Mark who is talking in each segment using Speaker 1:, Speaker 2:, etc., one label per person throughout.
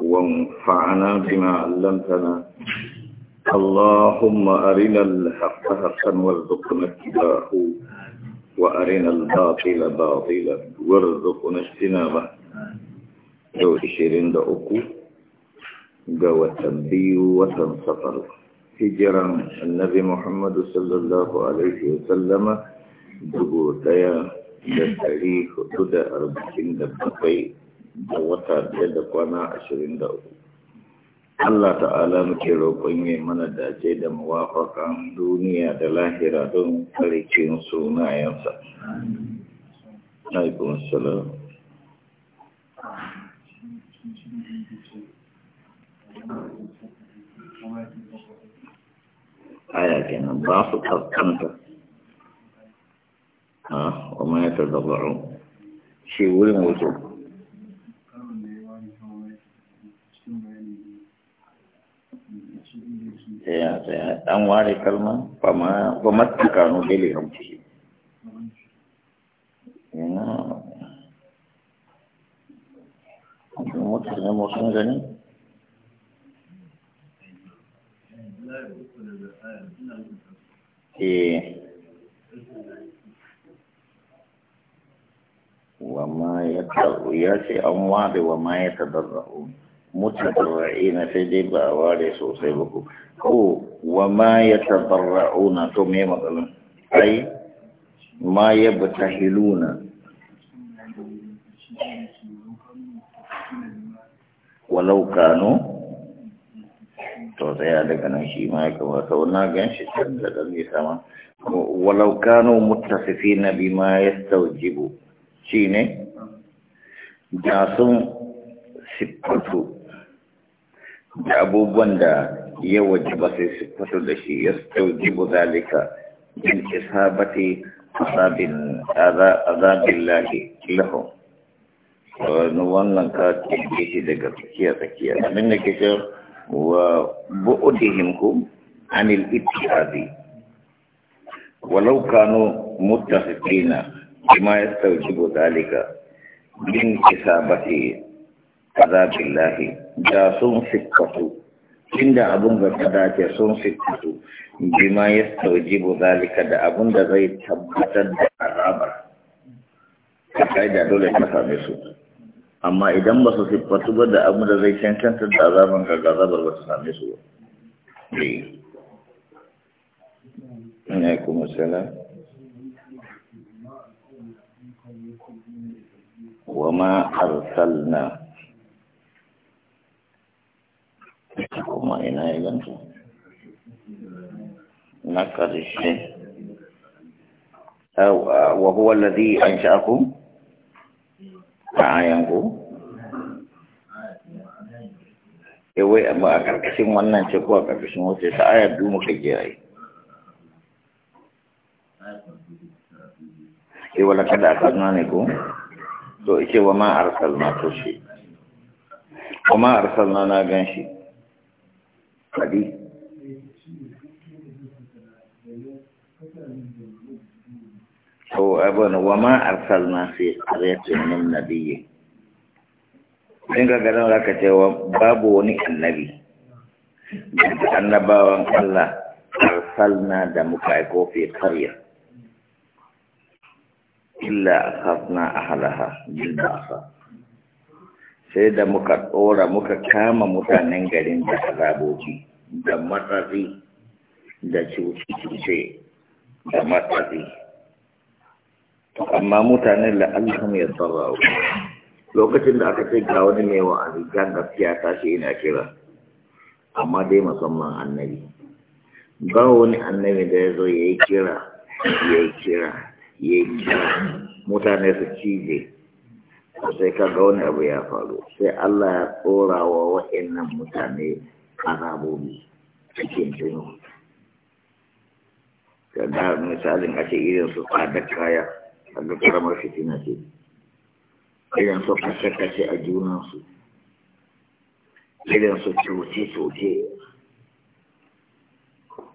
Speaker 1: وانفعنا بما علمتنا اللهم أرنا الحق حقا وارزقنا اتباعه وأرنا الباطل باطلا وارزقنا اجتنابه لو إشيرين دعوكو قوة تنبيه وتنصفر هجرا النبي محمد صلى الله عليه وسلم دبوتيا دسري خطد أربعين دبقين da wata ɗaya da kwana ashirin da uku Allah ta'ala muke roƙon yi mana dace da mawafakan duniya da lahira don tsarikin sunayensa. Aikun salam. Aya kenan ba su kaskanta. Ha, ah, wa ma ya tazabaru. Shi wurin wuce. an ware kalma ba matuka no dele ramci yana mutu ne mutum gani eh wa ma ya ce an ware wa ma ya tadarra'u متبرعين في دي بأوالي سوسي هو وما يتبرعون تومي مثلا أي ما يبتهلون ولو كانوا توزيع هذا كان شيء ما يكما سونا كان شيء سما ولو كانوا متصفين بما يستوجب شيء ne da sun da abubuwan da ya wajaba sai su fito da shi ya taujibu zalika min isabati azabin azabillahi lahum wani wannan ka kirge shi daga tsakiya tsakiya abin da ke ce wa bu'udihim ku anil ittihadi walau kanu muttafiqina bima yastawjibu zalika min isabati azabillahi da sun siffatu inda abun ga kadace sun siffatu bima ya saujibu zalika da abun da zai tabbatar da azabar kai da dole su amma idan ba su ba da abun da zai cancanta da azaban ga wa ma arsalna kuma ina ya ganta na ƙarshe wa huwa alladhi ansha'akum ayanku eh wai amma a karkashin wannan ce ko a karkashin wace ta ayar du muka kiyaye eh wala kada akalna ne ko to ice wa ma arsalna to shi kuma arsalna na ganshi Hadi. To, abin wa ma arsalna fi qaryatin min nabiyyi. Din ga garin zaka ce babu wani annabi. Daga annabawan Allah arsalna da muka aiko fi Illa ba'sa. Sai da muka tsora muka kama mutanen garin da azabobi. da matsatsi da cuce-cuce da matsatsi amma mutanen da la'alham ya tsarau lokacin da aka ce ga wani mai wa'azi gan gaskiya ta ce ina kira amma dai musamman annabi ba wani annabi da ya zo ya yi kira ya yi kira ya yi kira mutane su cije sai ka ga wani abu ya faru sai Allah ya tsora wa nan mutane azabobi cikin jinu da misalin a ce irin su tsadar kaya a ga karamar fitina ce irin su kashe-kashe a junansu irin su cuce-cuce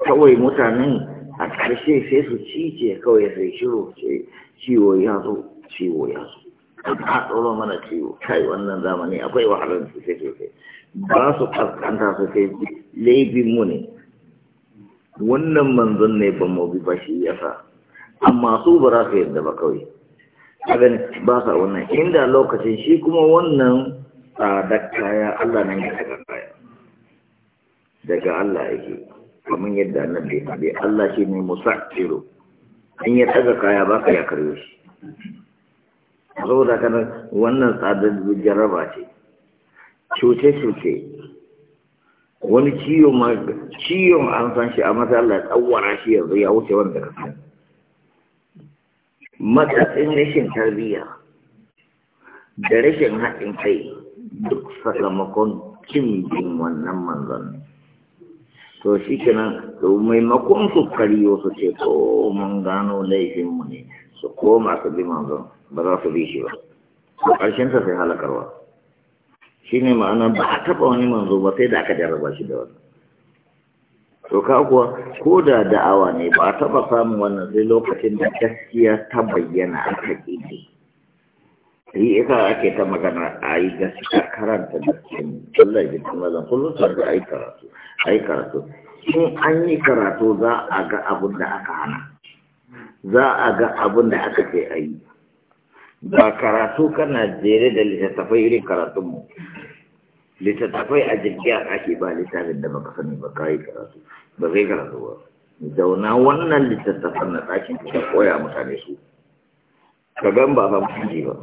Speaker 1: kawai mutanen a ƙarshe sai su cice kawai sai shiro ce ciwo ya zo ciwo ya zo a tsoron mana ciwo kai wannan zamani akwai wahalar su sai sosai ba su kaskanta su kai laifin mu ne wannan manzon ne ba mu ba shi yasa amma su ba za su yarda ba kawai abin ba sa wannan inda lokacin shi kuma wannan a kaya Allah nan ya daga kaya daga Allah yake kamar yadda da ya faɗi Allah shi ne musa'tiru in ya daga kaya ba ka ya karyo shi saboda kanar wannan tsadar jaraba ce cuce-cuce wani ciwon an san shi a matsala tsawara shi yanzu ya wuce wanda ka san matsatsin rashin tarbiyya da rashin haɗin kai duk sakamakon cin bin wannan manzan to shi kenan maimakon su kariyo su ce ko mun gano laifinmu ne su koma su bi manzan ba za su bi shi ba ƙarshen ta sai halakarwa shi ne ma'ana ba a taɓa wani manzo ba sai da aka jarraba shi da wannan to kuwa ko da da'awa ne ba a taba samun wannan sai lokacin da gaskiya ta bayyana a kaɗi ne yi ita ake ta magana a yi gaskiya karanta da cikin Allah ya ji mazan kullum sa da ai karatu ai karatu in an yi karatu za a ga abin da aka hana za a ga abin da aka ce a yi ba karatu kana jere da littattafai irin karatunmu littattafai a jirgiya ake ba littafin da baka sani ba kayi karatu ba zai karatu ba zauna wannan littattafan na ɗakin ka koya mutane su ka gan ba san fuji ba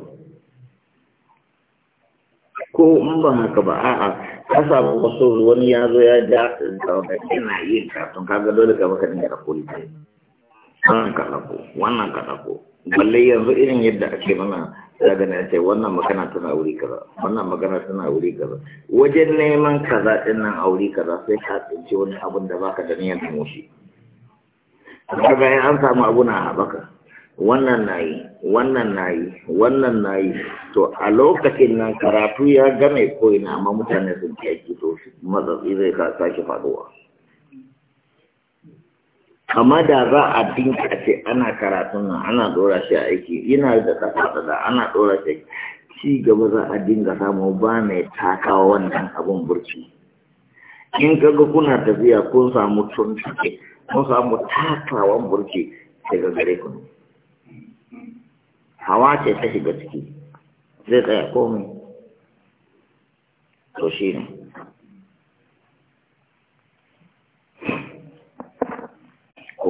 Speaker 1: ko in ba haka ba a'a ka samu wasu wani ya zo ya ja da ina yin karatun ga dole ka baka dinga ɗauko littafi wannan ka wannan ka balle yanzu irin yadda ake mana daga na ce wannan magana tana wuri kaza wannan magana tana wuri kaza wajen neman kaza din nan a wuri kaza sai ka tsinci wani abun da baka da niyyar nemo shi ga an samu abuna a baka? wannan nayi wannan nayi wannan nayi to a lokacin nan karatu ya game ko ina amma mutane sun ci aiki to matsatsi zai ka sake faduwa amma da za a dinka ce ana karatun nan ana dora shi a aiki yana da tafata da ana dora shi ci gaba za a dinga samu ba mai takawa wannan abun burki in kaga kuna tafiya kun samu tun tuntuke kun samu takawan burki daga gare ku hawa ce ta shiga ciki zai tsaya komai to shi ne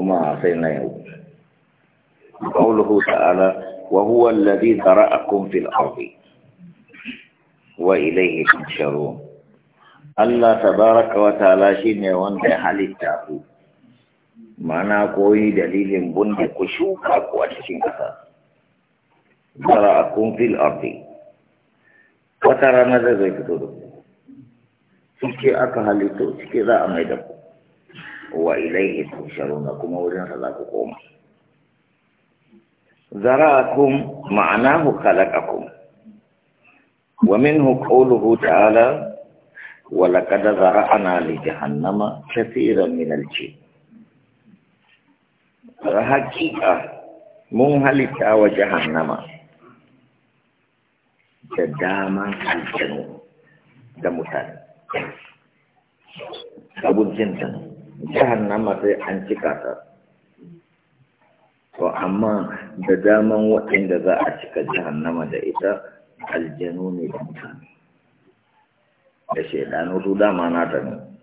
Speaker 1: كما سينا يوم قوله تعالى وهو الذي ذرأكم في الأرض وإليه تحشرون الله تبارك وتعالى شيني وانت حالي تاكو معنى كوي دليل بند كشوك أقوى أشين كثا ذرأكم في الأرض وترى ماذا ذلك تدو سكي أكو حالي تو ذا أميدك وإليه تحشرون كما ورين صدقكم ذراكم معناه خلقكم ومنه قوله تعالى ولقد ذرعنا لجهنم كثيرا من الجن حقيقة هلتا وجهنم دداما الجنوب دمتان أبو الجنة jahannam sai an cika to amma da daman waɗanda za a cika jahannama da ita aljanu ne da mutane da shaidanu su dama ta ne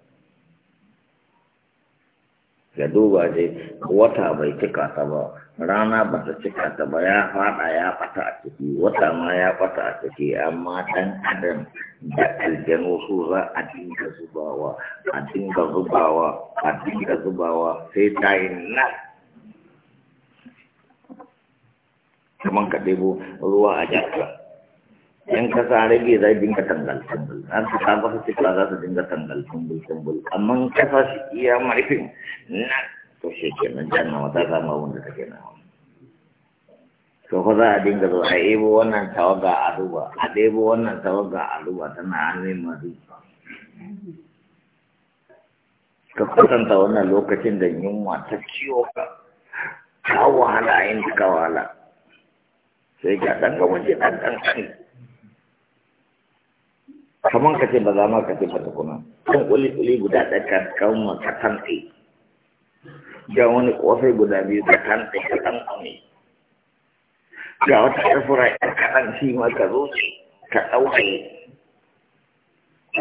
Speaker 1: ga duba dai wata bai cika ta ba rana ba ta cika ta ba ya fada ya fata a ciki wata ma ya fata a ciki amma dan adam da aljanu su za a dinga zubawa a dinga zubawa a dinga zubawa sai ta yi nan kaman ka ɗebo ruwa a jaka Yan ka sa rage za dinga tangal tumbul an su ta ba su cika za su dinga tangal tumbul tumbul amma ka sa shi iya marifin nan to shi ke nan jannan wata samu abin da take nan to ko za a dinga zo a ɗebo wannan tawaga a duba a ɗebo wannan tawaga a duba tana hannun masu ka kwatanta wannan lokacin da yunwa ta ciwo ka ka wahala a yin ka wahala sai ga ɗan gaban ji ɗan ɗan kamar ka ce ba za ma ka ce ba tukuna kan ƙuli-ƙuli guda ɗaya ka kawo ka tantsi ga wani kofai guda biyu da kan kaɗan amai ga wata ƙarfura ya kaɗan shi ma zo ka ɗauke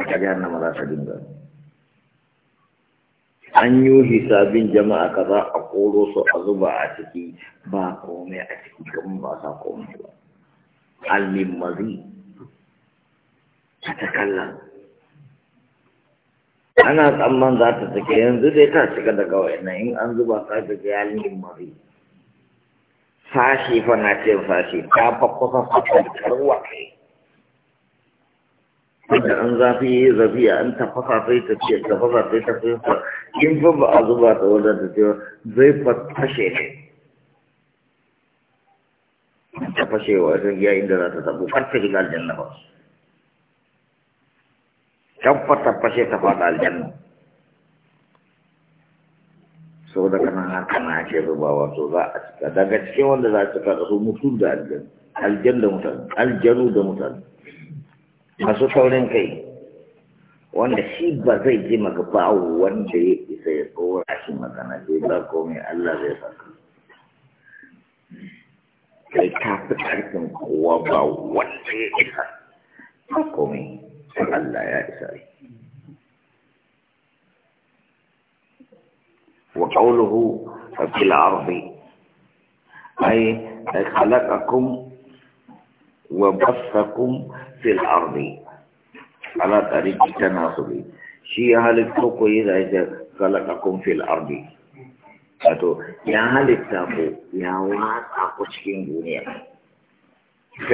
Speaker 1: aka na maza dinga an yi hisabin jama'a kaza a koro su a zuba a ciki ba komai a ciki kan ba sa komai ba al mazi ta takallan ana tsamman za ta take yanzu dai ta shiga daga wayannan in an zuba ta daga yalin mari sashi fa na ce sashi ta fafafa fata karwa kai an zafi zafiya an tafasa sai ta ce tafasa sai ta fesa in fa ba a zuba ta wadda ta ce zai fashe ne ta fashewa sun iya inda za ta tabu farta shiga aljanna ba tabba tabba sai ta faɗa aljanna sau da kana haka na ake rubawa to za a cika daga cikin wanda za a cika da su mutu da aljanna aljan da mutane aljanu da mutane masu taurin kai wanda shi ba zai ji maka ba wanda ya isa ya tsora shi magana sai ba komai Allah zai saka kai ka fi ƙarfin kowa ba wanda ya isa ba komai صلى يا إسرائيل وقوله في الأرض أي خلقكم وبثكم في الأرض على طريق التناسب شيء هل تقول إذا خلقكم في الأرض atau yang halik tahu yang wat aku cikin dunia ke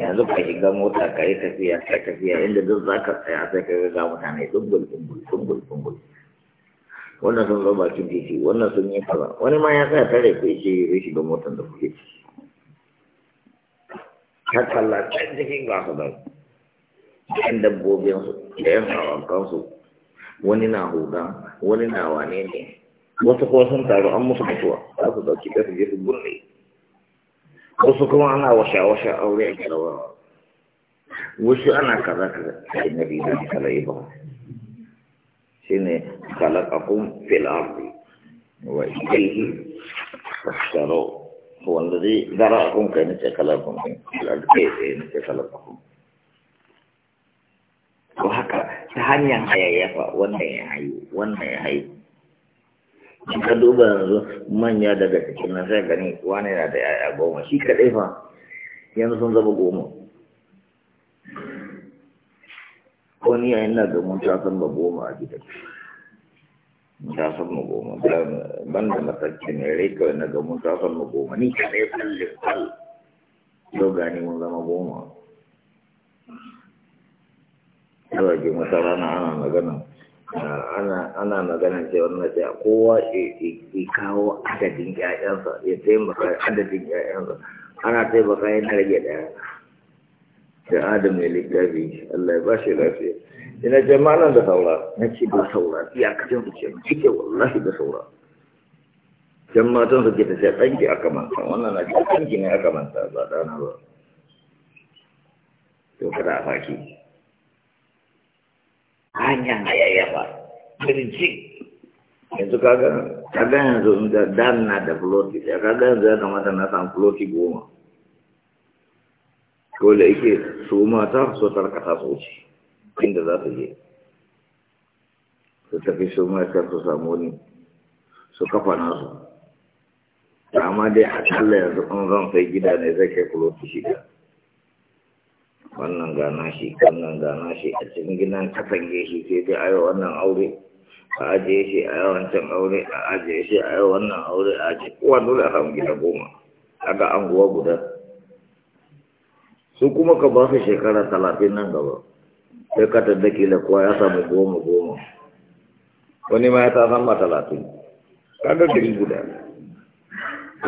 Speaker 1: yanzu ka shiga mota ka yi tafiya ka tafiya inda duk za ka tsaya sai ka ga mutane dumbul dumbul dumbul dumbul wannan sun zo bakin titi wannan sun yi kaza wani ma ya tsaya tare ku ce ya shiga motar da kuke ci har kalla can cikin gasa da yan dabbobinsu da yan hawankansu wani na huda wani na wane ne wasu kuma sun taru an musu mutuwa za su dauki ɗaya su je su burne وسكم أنا وش وش أولي كلو وش أنا كذا كذا النبي صلى الله عليه وسلم في الأرض وإليه أشتروا هو الذي ذرى أقوم كأن تخلقهم في الأرض in ka duba yanzu manya daga cikin nan sai gani wani na da yaya goma shi kaɗai fa yanzu sun zama goma ko ni yayin na domin ta san ba goma a gida ta san ma goma ban da matsarci mai rai kawai na domin ta san ma goma ni kaɗai tsalle tsal yau gani mun zama goma Yau ake mata rana ana magana ana magana ce wannan ce kowa ya kawo adadin ƴaƴansa ya taimaka adadin ƴaƴansa ana taimaka na rage ɗaya da adam ya littafi Allah ya ba shi lafiya ina nan da saura na ce da saura iyakacin su ce cike wallahi da saura can matan su ke tafiya ɗanki aka manta wannan na ce ɗanki ne aka manta ba ɗana ba to kada a faki hanyar hayayyafa birjik yanzu kaga kaga yanzu da dan na da floti da kaga yanzu ya kamata na san floti goma ko da yake su mata su tarkata su wuce inda za su je su tafi su mata su samu ni su kafa nasu amma dai kalla yanzu an zan kai gida ne zai kai floti shida wannan gana shi wannan gana shi a cikin gidan katange shi sai dai ayo wannan aure a ajiye shi a yawan can aure a ajiye shi a yawan wannan aure a ajiye kuwa dole a samu gida goma aga an guwa guda su kuma ka ba su shekara talatin nan gaba sai ka tadda da kuwa ya samu goma goma wani ma ya ta zama talatin Ka ga gari guda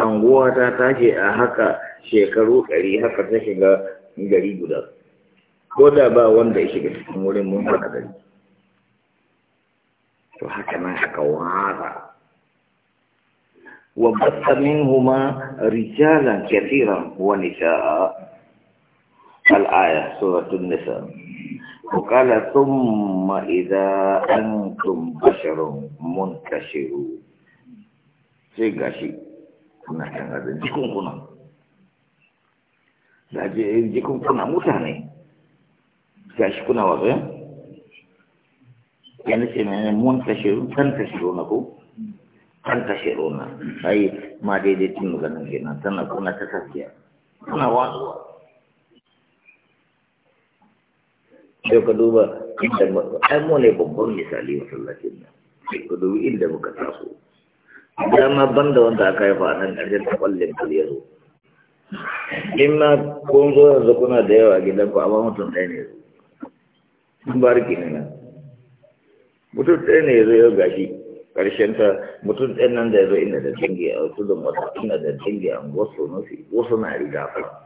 Speaker 1: anguwa ta tashi a haka shekaru ɗari haka ta shiga gari guda ko da ba wanda ya shiga cikin wurin mun fara gari to haka nan haka wara wa batta min huma rijalan kathiran wa nisa'a al-aya suratul nisa وقال ثم إذا أنتم بشر منتشروا سيغاشي كنا كنا ذنجيكم كنا ذنجيكم كنا موتاني gashi kuna watsa ya nace mene mun tashiru kan tashiru na ko kan tashiru na ai ma daidai tun maganin kenan tana kuna ta tafiya kuna watsuwa sai ka duba inda ai mu ne babban misali masallacin nan sai ka duba inda muka taso dama da wanda aka yi nan ƙarshen taɓallin kul ya zo in ma kun zo yanzu kuna da yawa gidan ku amma mutum ɗaya ne zo mun bariki ne nan mutum ɗaya ne ya zo ya gashi ƙarshen ta mutum ɗan nan da ya zo ina da dangi a wasu da mata ina da dangi a wasu nufi wasu na riga fara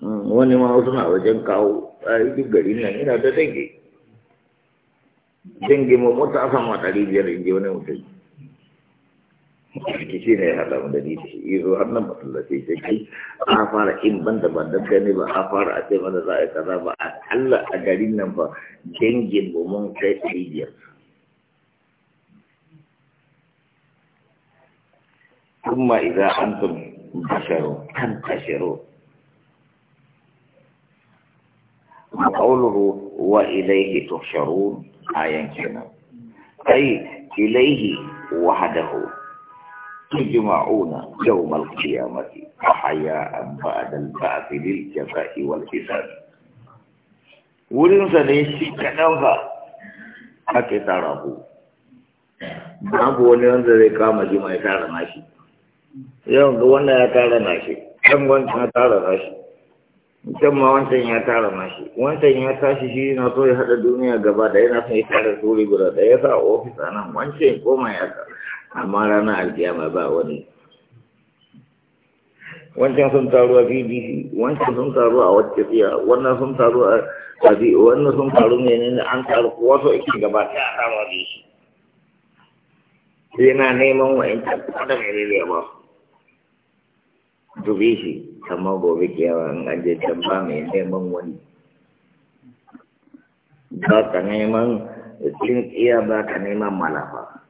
Speaker 1: hmm, wani ma wasu na wajen kawo a duk gari nan ina da dangi dangi mu mota a sama ɗari biyar in ji wani mutum ki shi ne hada da ni shi izo har nan masallaci sai kai a fara in ban da ban dan ba a fara a ce mana za a yi kaza ba a Allah a garin nan ba dangin mu mun kai tsiya kuma idan antum basharu kan tasharu قوله وإليه تحشرون آية كنا أي إليه وحده تجمعون يوم القيامة أحياء بعد البعث للجزاء والحساب wurinsa ne shi kaɗansa ake tara ku babu wani wanda zai kama ji ya tara nashi yau ga wannan ya tara nashi can wancan ya tara nashi can ma wancan ya tara nashi wancan ya tashi shi na so ya haɗa duniya gaba da yana son ya tara suri guda da ya sa ofis a nan wancan koma ya tara amma ranar alkiyama ba wani wancan sun taru a BBC, wancan sun taru a wacce tsiya wannan sun taru a kazi wannan sun taru ne ne an taru kuwa so ake gaba ta a taru a shi sai na neman wa'incan kwada mai lele ba Dubi shi amma gobe kiyawa an aje can ba mai neman wani ba ka neman tsintsiya ba ka neman malafa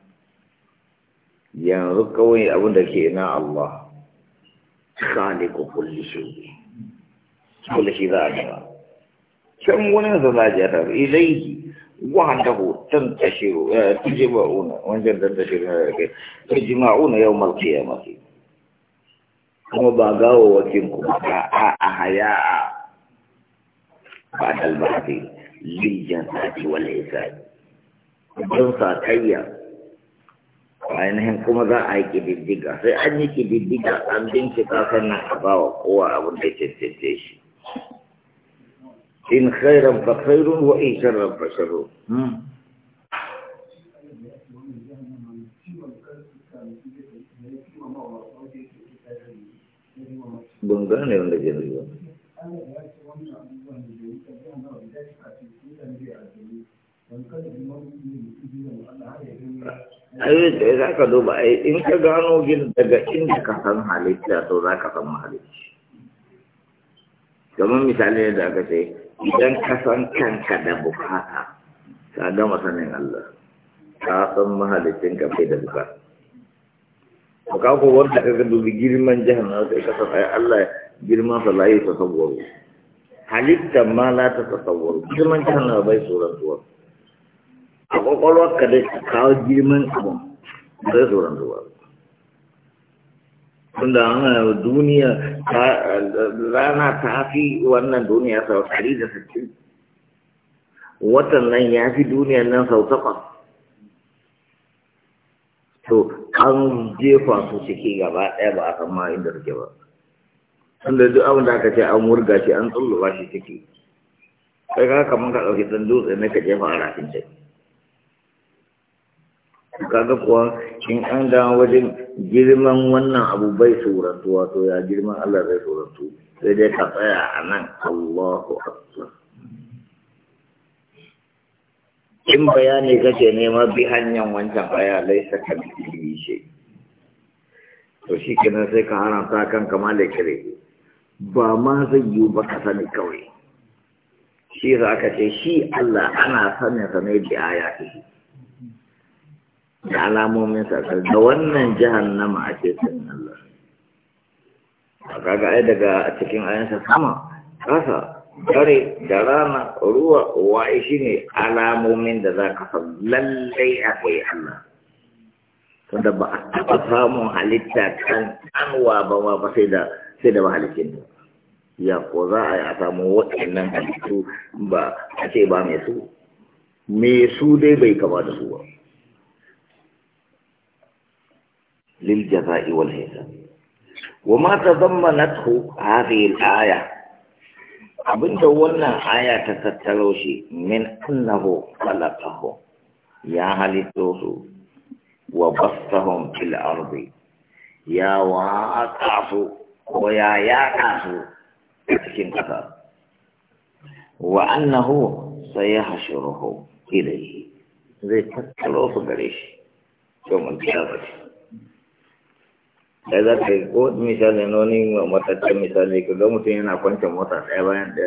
Speaker 1: yanzu kawai abin da ke na Allah khaliqu kulli shay kulli shay za a can wani da za a jata ilaihi wahdahu tantashiru eh, tujma'una wancan tantashiru na kai tujma'una yawmal qiyamah kuma ba gawo wakin ku ba a a haya a ba dalbati liyan sati wal hisabi don sa kayya ainihin kuma za a yi kididdiga sai an yi kididdiga an bincika sannan a ba wa kowa abin da cancance shi in khairan fa khairun wa in sharran fa sharrun hmm. ban gane wanda ke nufi ba ai da za ka duba ai in ka gano gin daga inda ka san halitta to za ka san mahalicci kamar misali da aka ce idan ka san kanka da bukata ka gama sanin Allah ka san mahalicin ka bai da bukata to ka ko wanda ka ga dubi girman na sai ka san ai Allah girman sa la yi tasawwuru halitta ma la ta tasawwuru girman jahannama bai surantuwa a kwakwalwar ka da kawo girman abin sai tsoron zuwa tunda ana duniya rana ta hafi wannan duniya sau ɗari da sittin watan nan ya fi duniyan nan sau takwas to an jefa su ciki gaba ɗaya ba a san ma inda suke ba tunda duk abin da aka ce an wurga shi an tsulluwa shi ciki sai ka kamar ka ɗauki ɗan dutse na ka jefa a rafin ciki kaga kuwa in an ga wajen girman wannan abu bai surantu wato ya girman Allah zai surantu sai dai ka tsaya a nan Allahu Akbar in bayani kake nema bi hanyar wancan aya laisa ka bi shi to shi kenan sai ka haramta kan kama da kire ba ma zai yiwu ba ka sani kawai shi za ka ce shi Allah ana sanin sa ne bi da alamomin sakar da wannan jahannama ake sanin Allah a kaga ai daga cikin ayansa sama kasa dare da rana ruwa waye ne alamomin da za ka san lallai akwai Allah tunda ba a taɓa samun halitta kan anwa ba ma ba sai da sai da mahalicin ta ya ko za a yi a samu waɗannan halittu ba a ce ba mai su mai su dai bai kama da su ba للجزاء والحساب وما تضمنته هذه الآية أبن دولنا آية تتلوشي من أنه خلقه يا هل توسو وبصهم في الأرض يا واقعسو ويا يا قاسو وأنه سيحشرهم إليه زي تتلوشي شو من تلوشي da za ka yi ko misali noni matattun misali ko don mutum yana kwance mota ɗaya bayan da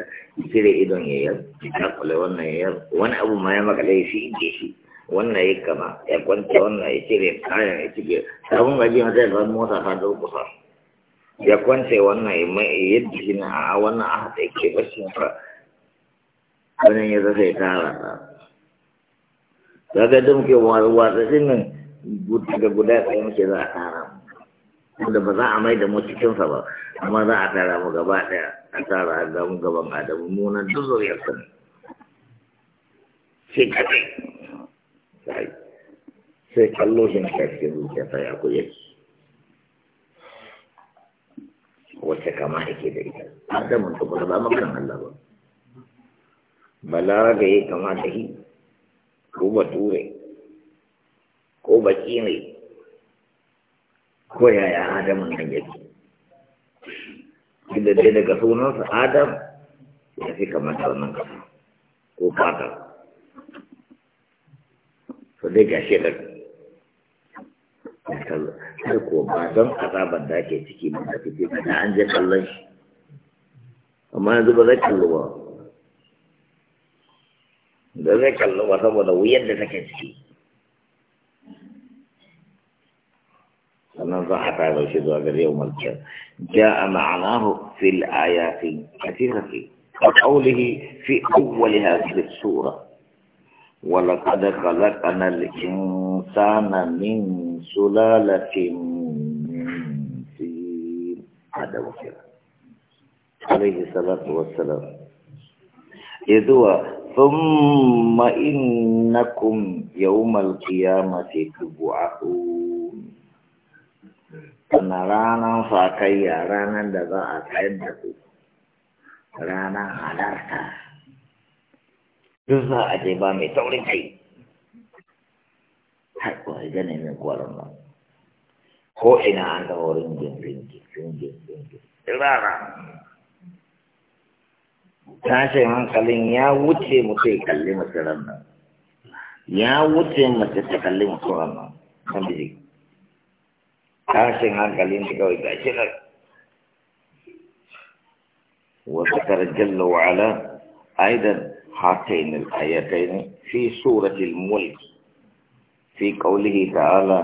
Speaker 1: cire idon ya yar ya kula wannan ya yar wani abu ma ya makale shi inge shi wannan ya kama ya kwance wannan ya cire kayan ya cike sabon gaji mata zai zama mota ta kusa ya kwance wannan ya mai yadda shi na a wannan a haɗa ke bashin fa wannan ya zasa ya tara ta daga dumke watsatsin nan daga guda ɗaya muke za a tara mu wanda ba za a mai da cikinsa ba amma za a tara mu gaba ɗaya a tara a mu gaban adamu munan duk zuriyarsa ne sai kaɗai sai kallo shi na cikin zuciya ta ya kuye wacce kama ake da ita adamun ta kuma ba makan Allah ba ga yi kama da shi ko ba ture, ko baki ne ko yaya adamun nan yake inda dai daga sunansa adam ya fi kamar wannan kasa ko fata su dai ga shekar ɗan har ko ba don azabar da ake ciki ba da fice da an je kallon shi amma yanzu ba zai kallo ba da zai kallo ba saboda wuyar da take ciki سننزع تعالى وشدوا هذا اليوم القيامة جاء معناه في الآيات كثيرة وقوله في أول هذه السورة ولقد خلقنا الإنسان من سلالة من هذا وكذا عليه الصلاة والسلام يدوى ثم إنكم يوم القيامة تبعثون wannan ranar fakayya ranar da za a tsayar da ku ranar halarta duk za a je ba mai taurin kai har haikuwa gane min kwaron nan ko ina an taɓa wurin ringin ringin ringin rana tashin hankalin ya wuce mutu ya kalli masu ranar ya wuce mace ta kalli masu ranar kan biji tashin hankalin shi kawai gashi nan وذكر جل وعلا أيضا هاتين الآيتين في سورة الملك في قوله تعالى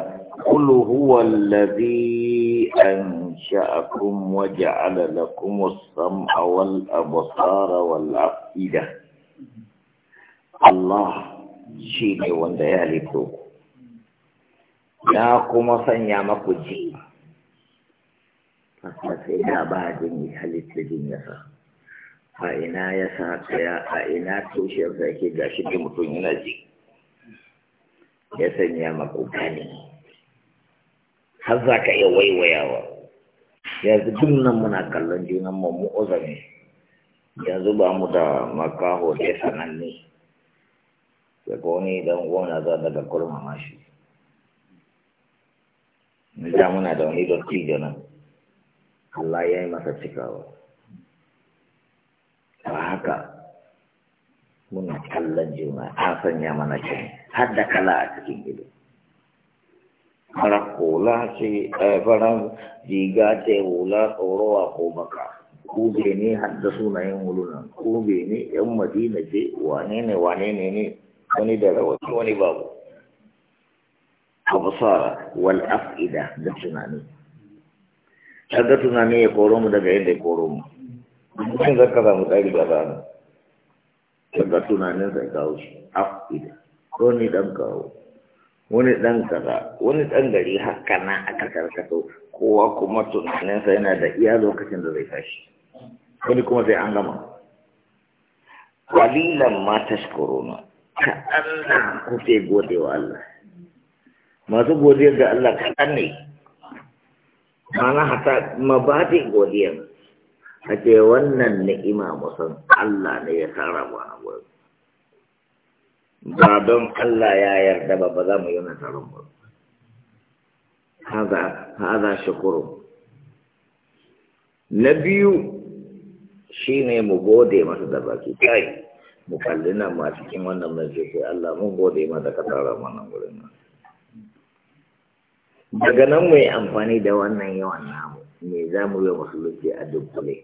Speaker 1: قل هو الذي أنشأكم وجعل لكم السمع والأبصار والأفئدة الله شيء وانت يهلكوكم ya kuma sanya maku ji fasa sai da ba jini halitta jin ya sa a ina ya sa tsaya a ina tushiyar da yake gashi da mutum yana ji ya sanya maku gani har za ka iya waiwayawa yanzu duk nan muna kallon junan mu mu ne. yanzu ba mu da makaho da sananne ya ga don gona za daga kurma mashi na muna da wani dotti da nan Allah ya yi masa cikawa ba haka muna kallon juna an sanya mana cin har da kala a cikin ido fara kola ce eh, fara riga ce hula tsorowa ko baka ku be ne sunayen hulunan ku be ne yan madina ce wane ne wane ne ne wani da wani babu abusara wal af'ida da tunani kaga tunani ya koro mu daga yadda ya koro mu mutum zai ka samu tsari da rana daga tunanin zai kawo shi af'ida ko ni dan kawo wani dan kaza wani dan gari haka na aka karkato kowa kuma tunaninsa yana da iya lokacin da zai tashi wani kuma zai an gama kwalilan ma tashkuruna ka Allah kuke gode wa Allah masu godiyar ga Allah kaɗan ne mana hata mabaɗin godiyar a ce wannan ni'ima musan Allah ne ya tara mu a wurin ba don Allah ya yarda ba ba za mu yi nasarar mu haza haza shukuru na biyu ne mu gode masa da baki kai mu kalli nan ma cikin wannan mai sai Allah mun gode ma da ka tara mu nan daga nan mai amfani da wannan yawan namu me za mu yi musulunci a dunkule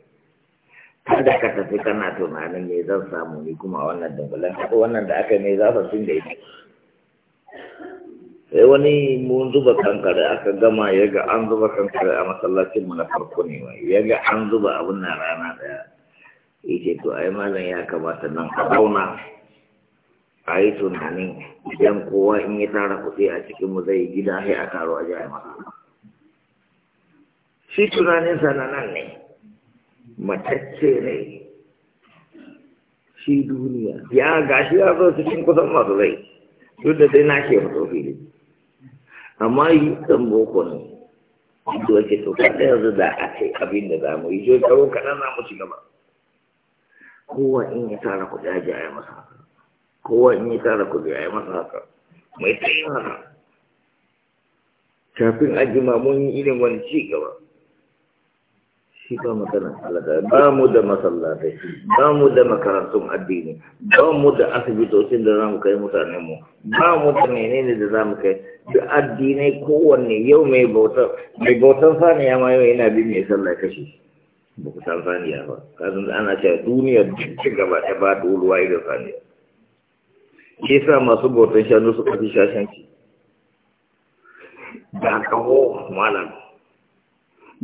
Speaker 1: kada ka tafi kana tunanin me zan samu ni kuma wannan dunkulen haka wannan da aka me za su tun da ita sai wani mun zuba kankare aka gama ya ga an zuba kankare a masallacinmu na farko ne wai ya ga an zuba abin na rana daya ya ce to ai malam ya kamata nan a zauna a yi tunanin idan kowa in yi tara kuɗi a cikinmu zai gida sai a taro a jihar masu masa shi tunanin nan ne matacce ne shi duniya ya gashi ya zo cikin kusan masu zai, duk da dai na ke fito fili amma yi ɗan boko ne
Speaker 2: duk wace to kaɗa
Speaker 1: yanzu da a ce abin da za mu yi jo kaɗan za mu ci gaba kowa in yi tara kuɗi a jihar masu masa kowa in yi tara kudi a yi masa haka mai tsayin haka shafin ajima mun yi irin wani ci gaba shi ba maganar alaƙa ba mu da masallatai ba mu da makarantun addini ba mu da asibitocin da za mu kai mutane mu, ba mu da menene da za mu kai da addinai kowanne yau mai bautan saniya ma yau yana bi mai sallah kashi ba ku san saniya ba kasan ana cewa duniya duk ci gaba ta ba da wuluwa idan saniya yasa masu bautan shanu su kafi shashanci da kawo malam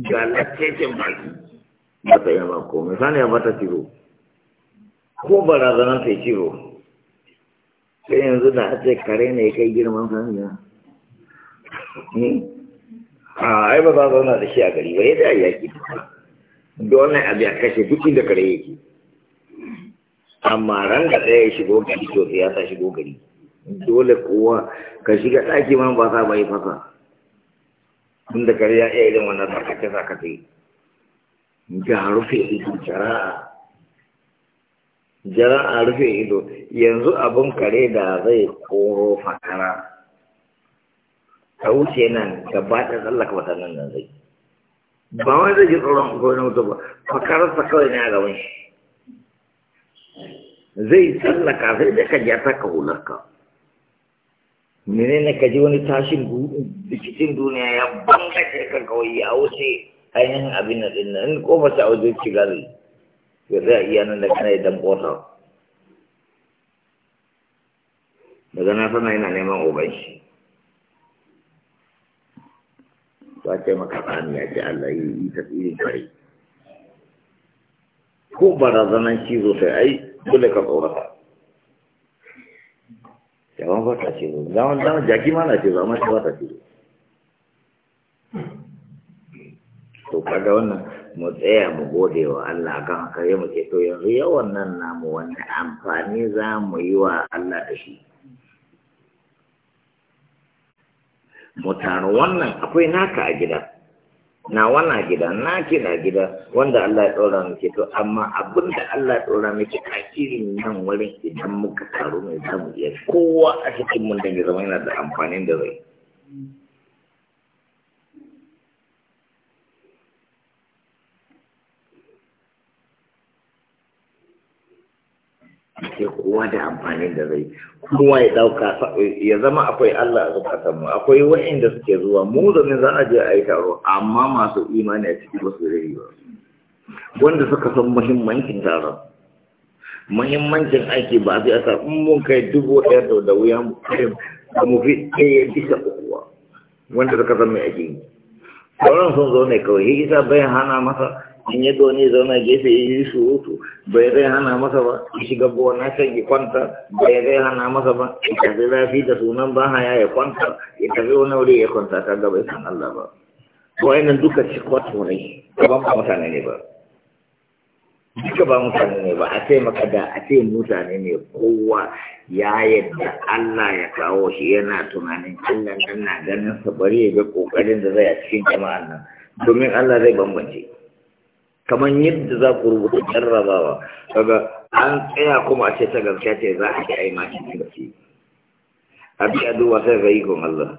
Speaker 1: da lakcecin baki ba ta yaba ba ko misali ya bata tiro ko barazanar ta yi tiro sai yanzu da a ce kare ne kai girman saniya a ai ba za zauna da shi a gari ba ya da yaki dole a biya kashe duk inda kare yake amma ran da ɗaya ya shigo gari to ya sa shigo gari dole kowa ka shiga ɗaki ma ba sa bai fasa tun da kare ya iya irin wannan ka sai ga rufe ido jara'a jara'a rufe ido yanzu abin kare da zai koro fakara ta wuce nan gaba da tsallaka wata nan zai ba wani zai ji tsoron ko na mutu ba fakararsa kawai ne a gaban shi zai tsallaka sai da ka ja ta kaularka menene ka ji wani tashin rikicin duniya ya bangace ka kawai ya wuce ainihin abin na ɗin nan ko mace a wajen cigari. zai ya zai iya nan da kana idan kota daga na sana yana neman uban shi ba ce maka tsani ya ce Allah yi tafi yin kai ko barazanan cizo sai ai boleh kau tsorata yawan ba ta ce zaman jangan jaki mana na ce ba ma ba ta ce to kaga wannan mu tsaya Allah kan kaya ya mu ce to yanzu yawan nan namu wani amfani za mu Allah da shi mu taru wannan akwai naka a gida Na na gida naki na gida wanda Allah ya ɗora muke to amma abin da Allah ya ɗora muke a irin nan wurin idan muka taru mai zamu iya kowa a cikin mun da zama yana da amfani da rai. ce kowa da amfanin da zai kowa ya dauka ya zama akwai Allah a zukatan mu akwai wa'inda suke zuwa mu domin za a je a yi taro amma masu imani a cikin wasu rai ba wanda suka san muhimmancin taron muhimmancin aiki ba zai a in mun kai dubu ɗaya da da wuya mu mu fi ɗaya bisa kowa wanda suka san mai ake yi sauran sun zo ne kawai ya isa bayan hana masa in yi zo zauna gefe ya yi surutu bai zai hana masa ba ya shiga gona can yi kwanta bai zai hana masa ba in tafi zafi da sunan ba haya ya kwanta in tafi wani wuri ya kwanta ta gaba ya san Allah ba wa'annan duka cikwatu ne gaban ba mutane ne ba duka ba mutane ne ba a ce maka da a ce mutane ne kowa ya yadda Allah ya kawo shi yana tunanin Allah nan na ganin sabari ya ga kokarin da zai a cikin jama'an nan domin Allah zai bambance kamar yadda za ku rubuta jarrabawa kaga an tsaya kuma a ce ta gaskiya ce za a ce yi maki ta shi. a biya duba sai ga ikon Allah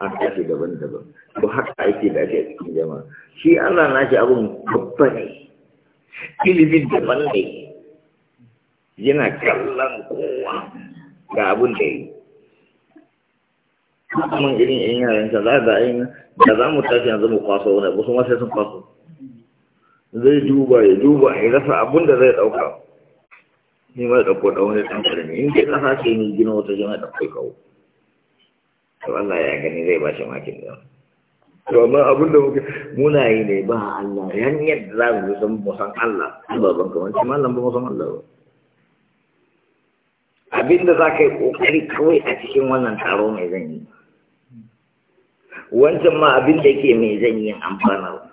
Speaker 1: an tafi daban-daban ko haka aiki da ake cikin jama'a shi Allah na shi abun babba ne ilimin daban ne yana kallon kowa ga abun da yi kuma irin yan yaran ta za ga ainihin da za mu tashi yanzu mu kwaso wani wasu ma sai sun kwaso zai duba ya duba ya rasa abin da zai ɗauka ni mai ɗauko da wani ɗan karami in ke ƙasa ce ni gina wata jama'a da kai kawo to Allah ya gani zai ba shi makin da to amma abin da muke muna yi ne ba Allah yan yadda za mu san mu san Allah ba ban kamar shi mallam ba mu san Allah ba abinda za ka yi ƙoƙari kawai a cikin wannan taro mai zan yi wancan ma abin da yake mai zan yi amfanar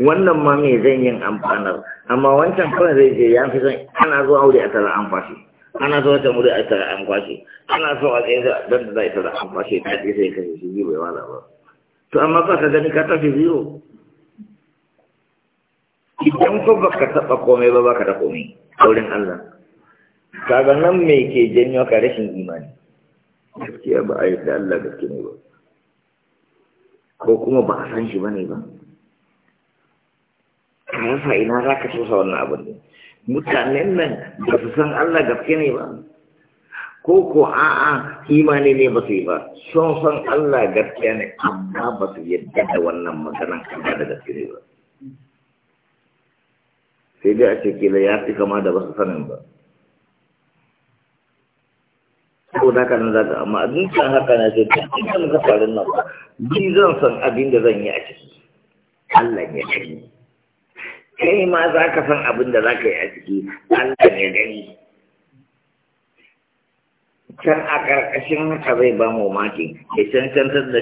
Speaker 1: wannan ma me zan yin amfanar amma wancan kawai zai je ya fi son ana zuwa aure a tara an kwashe. ana zuwa ta wuri a tara an kwashe ana so a tsaye don da za a tara an kwashe ta ce sai kai shi biyu bai wala ba to amma ba ka gani ka tafi biyo. idan ko ba ka taɓa komai ba ba ka da komai a wurin Allah kaga nan me ke janyo ka rashin imani gaskiya ba a yi da Allah gaske ne ba ko kuma ba a san shi ba ne ba rasa ina za ka sosa wannan abin ne mutanen nan ba su san Allah gaske ne ba ko ko a'a imani ne ba su yi ba sun san Allah gaske ne amma ba su yadda da wannan maganan kama da gaske ne ba sai dai a ce kila ya fi kama da ba su sanin ba ko da ka nan zaka amma abin kan haka na ce duk inda muka faru nan ba ni zan san abin da zan yi a ciki Allah ya yi. kai ma za ka san abin da za ka yi a ciki Allah ya gani can a ƙarƙashin haka zai ba mu maki ya cancantar da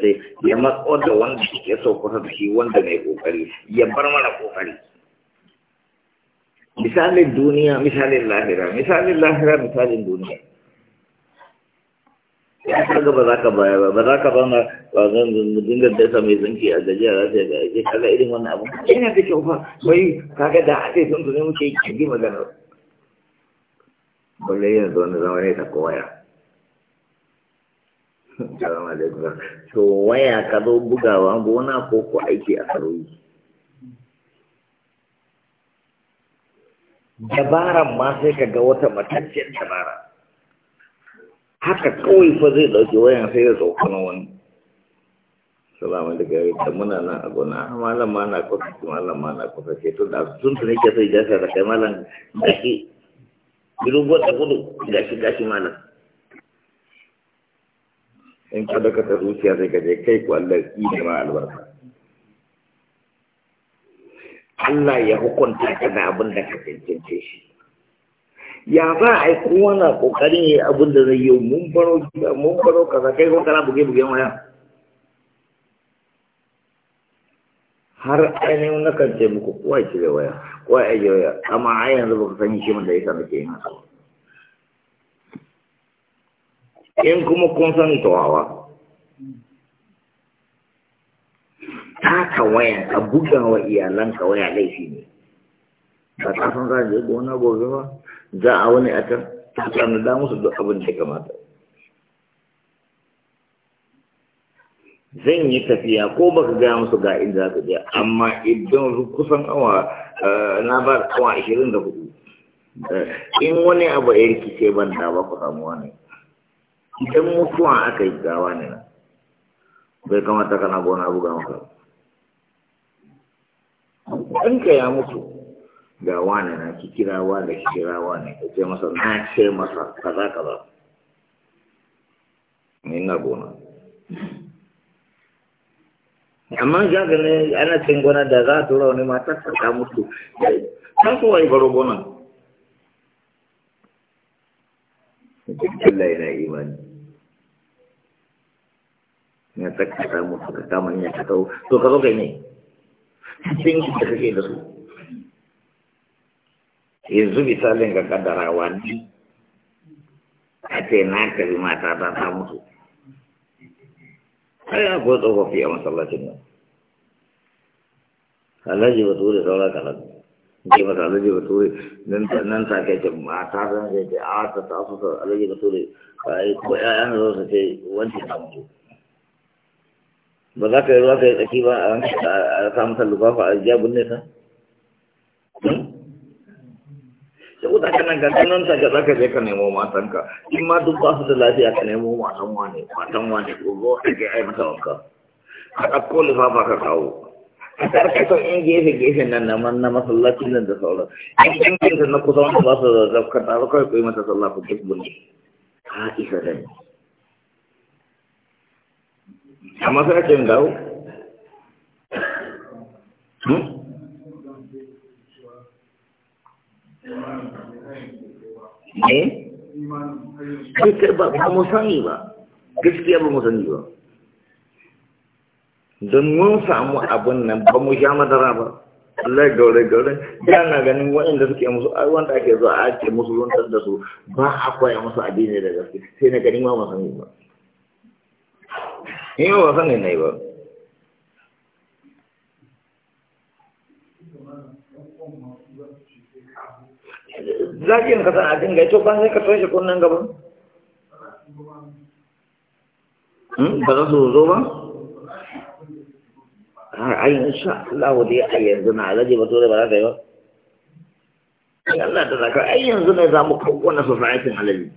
Speaker 1: sai ya matso da wanda ya so kusa da shi wanda mai ƙoƙari ya bar mana ƙoƙari misalin duniya misalin lahira misalin lahira misalin duniya ya ka ba za ka baya ba ba za ka ba ba zan dinga dasa mai zanki a gajiya za ta ga ake kaga irin wannan abu yana da kyau fa bai kaga da ake sun su muke kigi magana balle yanzu wani zama ne ta waya salamu alaikum to waya ka zo bugawa gona ko ko aiki a saroyi dabaran ma sai ka ga wata matacciyar dabara haka kawai fa zai ɗauki wayan sai ya tsokano wani salamu da gari da muna nan a gona malam ma na kusa malam ma na kusa ce tun da sun tuni ke sai gasa da kai malam gashi girugo da gudu gashi gashi malam in ka daga ta zuciya sai ka je kai kwallar ne ma albarka Allah ya hukunta ka da abin da ka cancance shi ya ba a yi kowa na kokarin ya abin da zai yi mun baro mun baro kaza kai kuma kana buge bugen waya har ainihin na kan ce muku kowa ya da waya kowa ya je waya amma a yanzu ba ku sanyi shi da ya sa nake yin haka in kuma kun san tawawa taka waya ka buga wa iyalanka waya laifi ne ba ta san za a je gona gobe ba za a wani a can ta da musu duk abin da kamata zan yi tafiya ko ba ka gaya musu ga inda za ka je amma idan kusan awa eh, na ba awa ashirin da hudu eh, in wani abu ya rikice ban da ba ku samu wani idan mutuwa aka yi gawa ne na bai kamata kana gona buga maka ɗanka ya mutu ga wani na ki kira da ki kira ne, ka ce masa na ce masa kaza kaza ni na gona amma ga ganin ana cin gona da za a tura wani matar ta ta mutu ta wa wai baro gonan Allah yana imani na tsakata mutu ka kama ya ka kawo to ka zo kai ne cikin da kake da su yanzu misalin ga kaddarawa ni a ce na kari mata ta ta mutu ai akwai tsofaffi a masallacin nan alhaji bature saura kalan ke mata alhaji bature nan ta kai ce mata ta kai ce a ta ta su alhaji bature ai ko da su ce wancan ta mutu ba za ka yi ruwa yi tsaki ba a samun a jabin saboda kana nan ta ga zaka je ka nemo ka in ma duk ba su da lafiya ka nemo matan wane matan wane ko zo ka ga ai mata wanka a ɗauko lifafa ka kawo a karkatar in gefe gefe nan na na masallacin nan da sauran in kin kinsa na kusa wanda ba su da zafka ta ba kawai koyi mata sallah ku duk bunne ha isa da ni amma sai ake dawo hmm? eh kai ba ba mu sani ba gaskiya ba mu sani ba don mun samu abun nan ba mu sha madara ba Allah gaure gaure da na ganin waɗanda suke musu ai wanda ake zuwa a ake musu musuluntar da su ba a koya musu addini da gaske sai na ganin ma ba sani ba ni ba sani ne ba Za ka sa a dinga to ba sai ka toshe kunnan gaban
Speaker 2: hmm, ba za su zo ba
Speaker 1: a ayin insha Allah dai a yanzu na alaji ba tore ba za ta yi ba ai Allah ta zaka ai yanzu ne za mu kawo wannan society alaji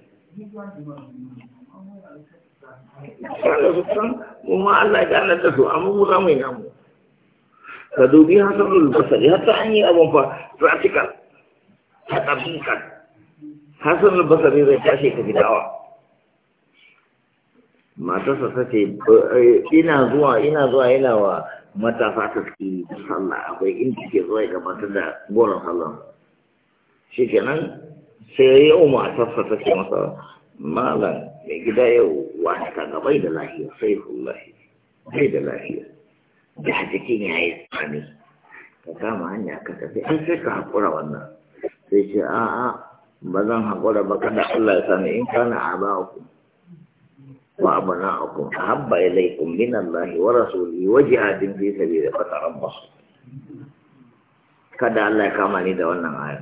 Speaker 1: Allah su san mu ma Allah ya Allah da su amma mu za mu yi namu ka dubi hasanul basari hatta an yi abun fa practical ta ɗabiƙan hasan albasari zai tashi ka gidawa matarsa ta ce eh, ina zuwa ina zuwa yana wa matasa ta suke sallah akwai inda ke zuwa ga matar da goron sallah shi kenan sai yau matarsa ta ce masa malam mai gida yau wani ka gabai da lafiya sai kullahi bai da lafiya. da jikin ya yi tsani ka kama hanya ka tafi an sai ka haƙura wannan sai ce a'a ba zan haƙura ba kada Allah ya sani in na aba uku wa uku, a habba ilaykum min Allah wa rasuli wa jihadin fi fata rabba kada Allah ya kama ni da wannan aya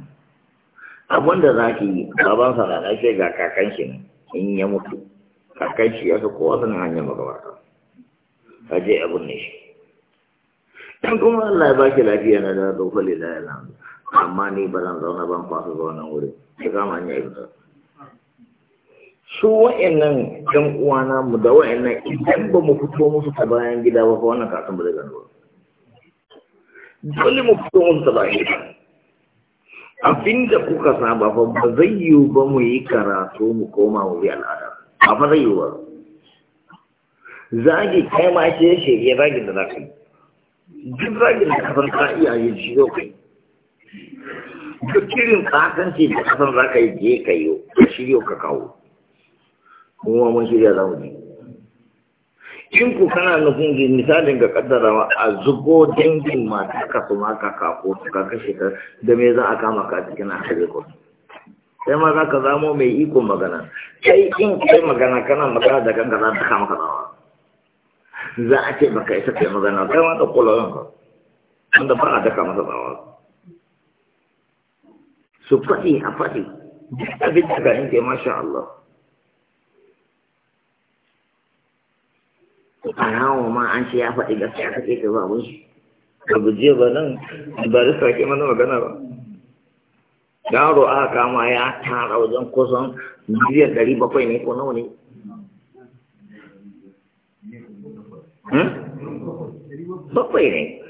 Speaker 1: abin da za ki yi baban sana na ce ga kakan shi in ya mutu kakan shi ya fi kowa sanin hanyar magabata a je abun ne shi Ɗan kuma Allah ya ki lafiya na da dokar ya lamu amma ni ba zan zauna ban kwasa zaunan wurin ya kama ni ibnu su wa'annan ɗan uwana mu da wa'annan idan ba mu fito musu ta bayan gida ba fa wannan kasan ba zai gano ba dole mu fito musu ta bayan gida abin da kuka saba fa ba zai yiwu ba mu yi karatu mu koma mu bi al'ada ba fa zai yiwu ba zagi kai ma ce shege zagin da za ka yi duk zagin da ka san ka iya yin shi yau duk irin kasanci da kasan za ka yi je ka yi ka shirya ka kawo kuma mun shirya za mu in ku kana nufin ji misalin ga kaddarawa a zugo dangin mata ka su maka kako su ka kashe ka da me za a kama ka cikin a kare ku sai ma za ka zamo mai iko magana kai in kai magana kana magana da kanka za ta kama ka zawa za a ce baka isa kai magana kai ma ta kula yanka wanda ba a daka masa zawa su faɗi a faɗi duk abin da ganin ke masha Allah a yawon ma an ce ya faɗi gaskiya kake ka zaɓin shi ka guje ba nan ba rista ke mana magana ba yaro aka kama ya tara wajen kusan miliyan ɗari bakwai ne ko nawa ne hmm? bakwai ne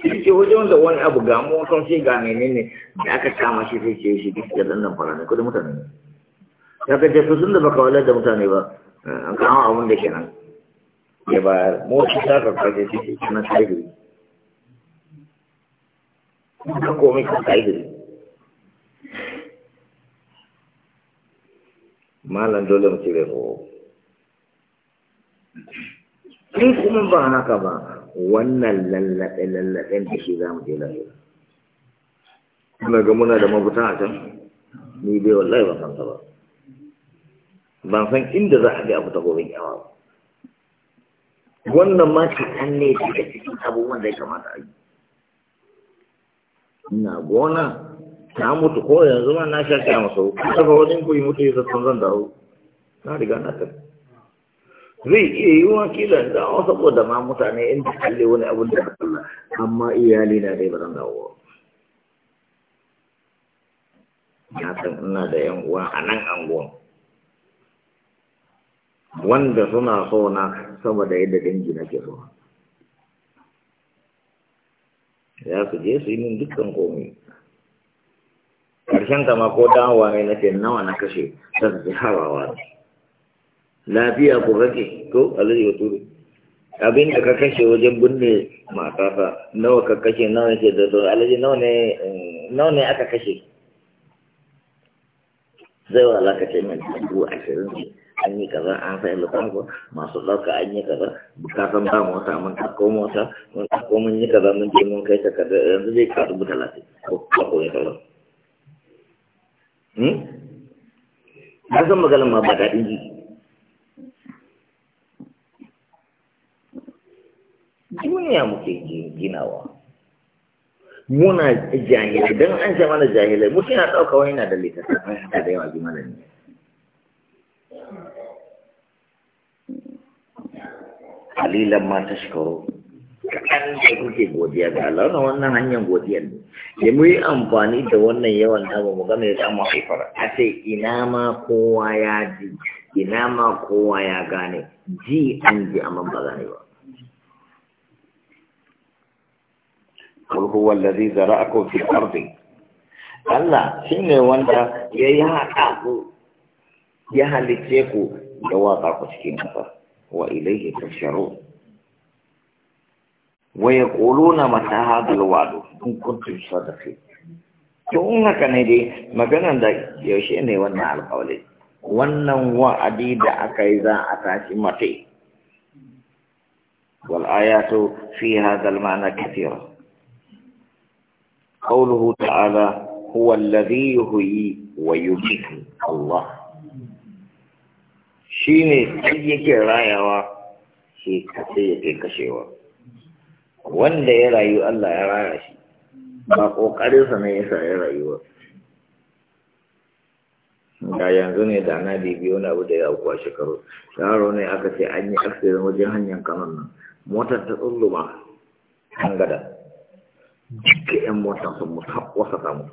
Speaker 1: shi wajen da wani abu ga mu kan shi ga menene da aka kama shi sai ce shi duk da nan fara ne kudin mutane ne ya ka ce sun da baka walar da mutane ba an hawa abun da kenan ya ba mu shi ta karfafa shi shi kana taigiri ka komai ka taigiri malam dole mu cire ko in kuma ba haka ba wannan lallaɓe lallaɓen da shi za mu je lahira Kuna ga muna da mabuta a can ni dai wallahi ban san ba ban san inda za a bi abu ta gobe yawa ba wannan ma kan ne daga cikin abubuwan da ya kamata a yi ina gona ta mutu ko yanzu ma na shaka masau. kusa ga wajen ku yi mutu yi sassan zan dawo na riga na tafi zai iya yi wa kila da wa saboda ma mutane in ta kalle wani abin da ka kalla amma iyali na dai ba zan dawo ya san ina da yan uwa a nan anguwan wanda suna so na saboda yadda dangi nake so ya su je su yi min dukkan komai ƙarshen ta ma ko dawowa ne nake nawa na kashe ta su hawawa ne lafiya ku kake ko alaji wa turu abin da ka kashe wajen binne matasa nawa ka kashe nawa ke da zuwa alaji nawa ne aka kashe zai wa alaka ce mai a shirin ne an yi kaza an sai lufanku masu ɗauka an yi kaza bukatan ba mota mun ɗauko mota mun ɗauko mun yi kaza mun ce mun kai ta kaza yanzu zai ka dubu talatin ko ko ya kaza Ba hmm? san maganin ma ba daɗin jiki duniya muke ginawa muna jahilai don an sha mana jahilai muke na ɗauka wani na da littattafai haka da yawa bi mana ne kalilan ma ta shekaru kaɗan da kuke godiya ga Allah wannan hanyar godiyar ne da mu yi amfani da wannan yawan namu mu gane da samun haifar a ce ina ma kowa ya ji ina ma kowa ya gane ji an ji amma ba gane ba قل هو الذي ذرأكم في الأرض Allah shi ne wanda ya yi haɗa ku ya halice ku da watsa ku cikin ƙasa wa ilaihi tasharo wa ya ƙuluna mata hadal wado in kuntum sadafi to in haka ne dai maganan da yaushe ne wannan alƙawali wannan wa'adi da aka yi za a tashi mate wal ayatu fi hadal ma'ana kathira قوله تعالى هو الذي يحيي ويميت الله شيني أيك رايوا yake kashewa. Wanda ya rayu يرايو الله raya shi. ba ƙoƙarinsa ne yasa ya rayuwa da yanzu ne da na bibiyo na abu da ya aukuwa shekaru yaro ne aka ce an yi aksirin wajen hanyar kanon nan motar ta tsulluma an gada duka yan mota sun mutu wasa samu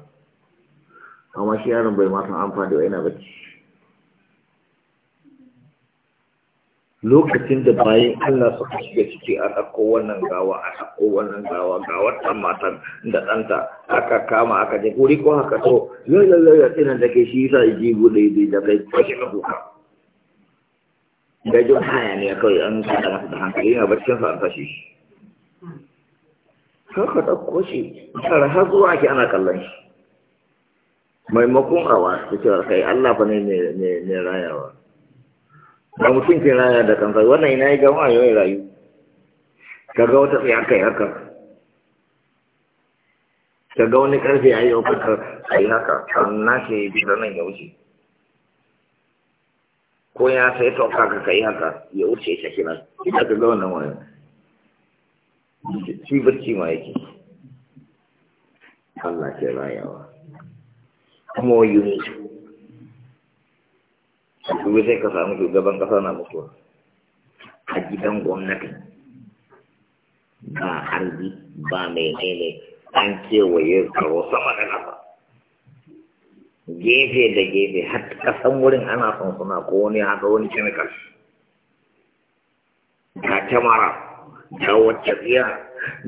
Speaker 1: amma shi yaron bai ma san amfani wa yana bacci lokacin da bayan Allah suka shiga ciki a ɗauko wannan gawa a ɗauko wannan gawa ga ɗan matan da ɗanta aka kama aka je kuri ko haka to lalala ya tsina da ke shi sa ji buɗe zai da kai kwashe na kuka da jin haya ne kawai an kada masa da hankali yana bacci sa an tashi shi sai ka ɗauko shi tara har zuwa ake ana kallon shi maimakon awa su cewa kai Allah fa ne ne rayawa ba mutum ke raya da kai wannan ina yi gama yau rayu kaga wata tsaye haka yi haka kaga wani karfe a yi yau kanka a yi haka an bi da nan ya wuce ko ya sai toka ka kai haka ya wuce shi kira ina ka ga wannan wani shi barci ma yake Allah ke rayawa kuma wayo ne gobe sai ka samu shugaban kasa na mutuwa a gidan gwamnati ba harbi ba menene an kewaye tsaro sama da kafa gefe da gefe har kasan wurin ana son suna ko wani haka wani chemical ga kyamara ga wata tsiya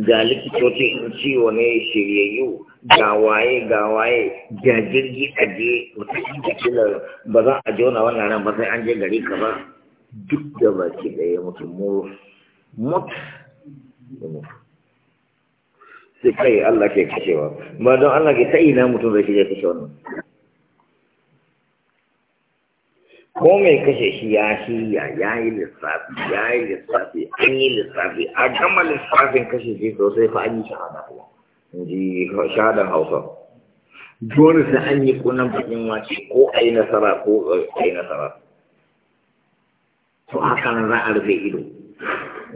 Speaker 1: ga likitoci in ci ne shiryayyu ga waye ga waye ga jirgi a je wata inda kila ba za a jona wannan ran ba sai an je gari ka ba duk da baki ɗaya mutu mutu, mut sai kai Allah ke kashewa ba don Allah ke ta ina mutum zai shirya kashe wannan ko mai kashe shi ya shirya ya yi lissafi ya yi lissafi an yi lissafi a gama lissafin kashe shi sosai fa an yi shahada kuma in ji shahadar hausa dole sai an yi kunan bakin wace ko a yi nasara ko a yi nasara to haka za a rufe ido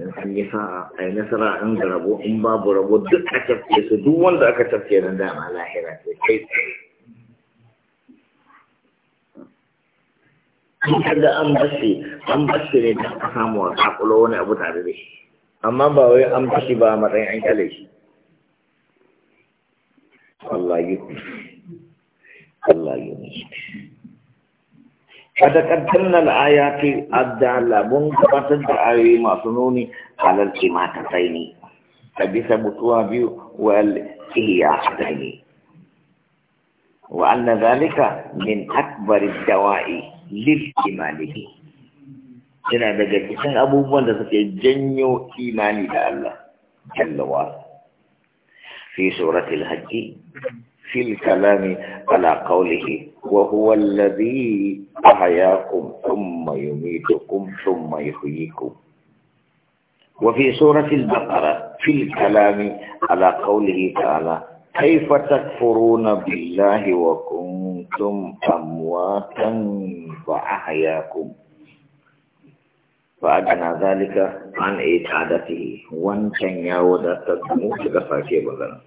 Speaker 1: in an yi sa'a a yi nasara an ga rabo in babu rabo duk a cafke su duk wanda aka cafke nan dama lahira sai kai tsaye kaga an bashi an bashi ne don a samu a kakulo wani abu tare da shi amma ba wai an bashi ba a matsayin an kyale shi Allah yi Allah yi ne kada kaddanna al-ayati ad-dalla mun gabatar da ayoyi masu nuni halal mata sai ne a bisa mutuwa biyu wal iya ne wa anna zalika min akbar ad-dawa'i lil'imani ne yana daga cikin abubuwan da suke janyo imani da Allah jallawa fi suratul hajji fil kalami ala qawlihi wa huwa alladhi ahyakum thumma yumitukum thumma yuhyikum وفي سورة البقرة في الكلام على قوله تعالى كيف تكفرون بالله وكنتم kuntum amwatan wa ahyakum fa adana zalika an itadati wancan yawo da ta kuma daga sake bazana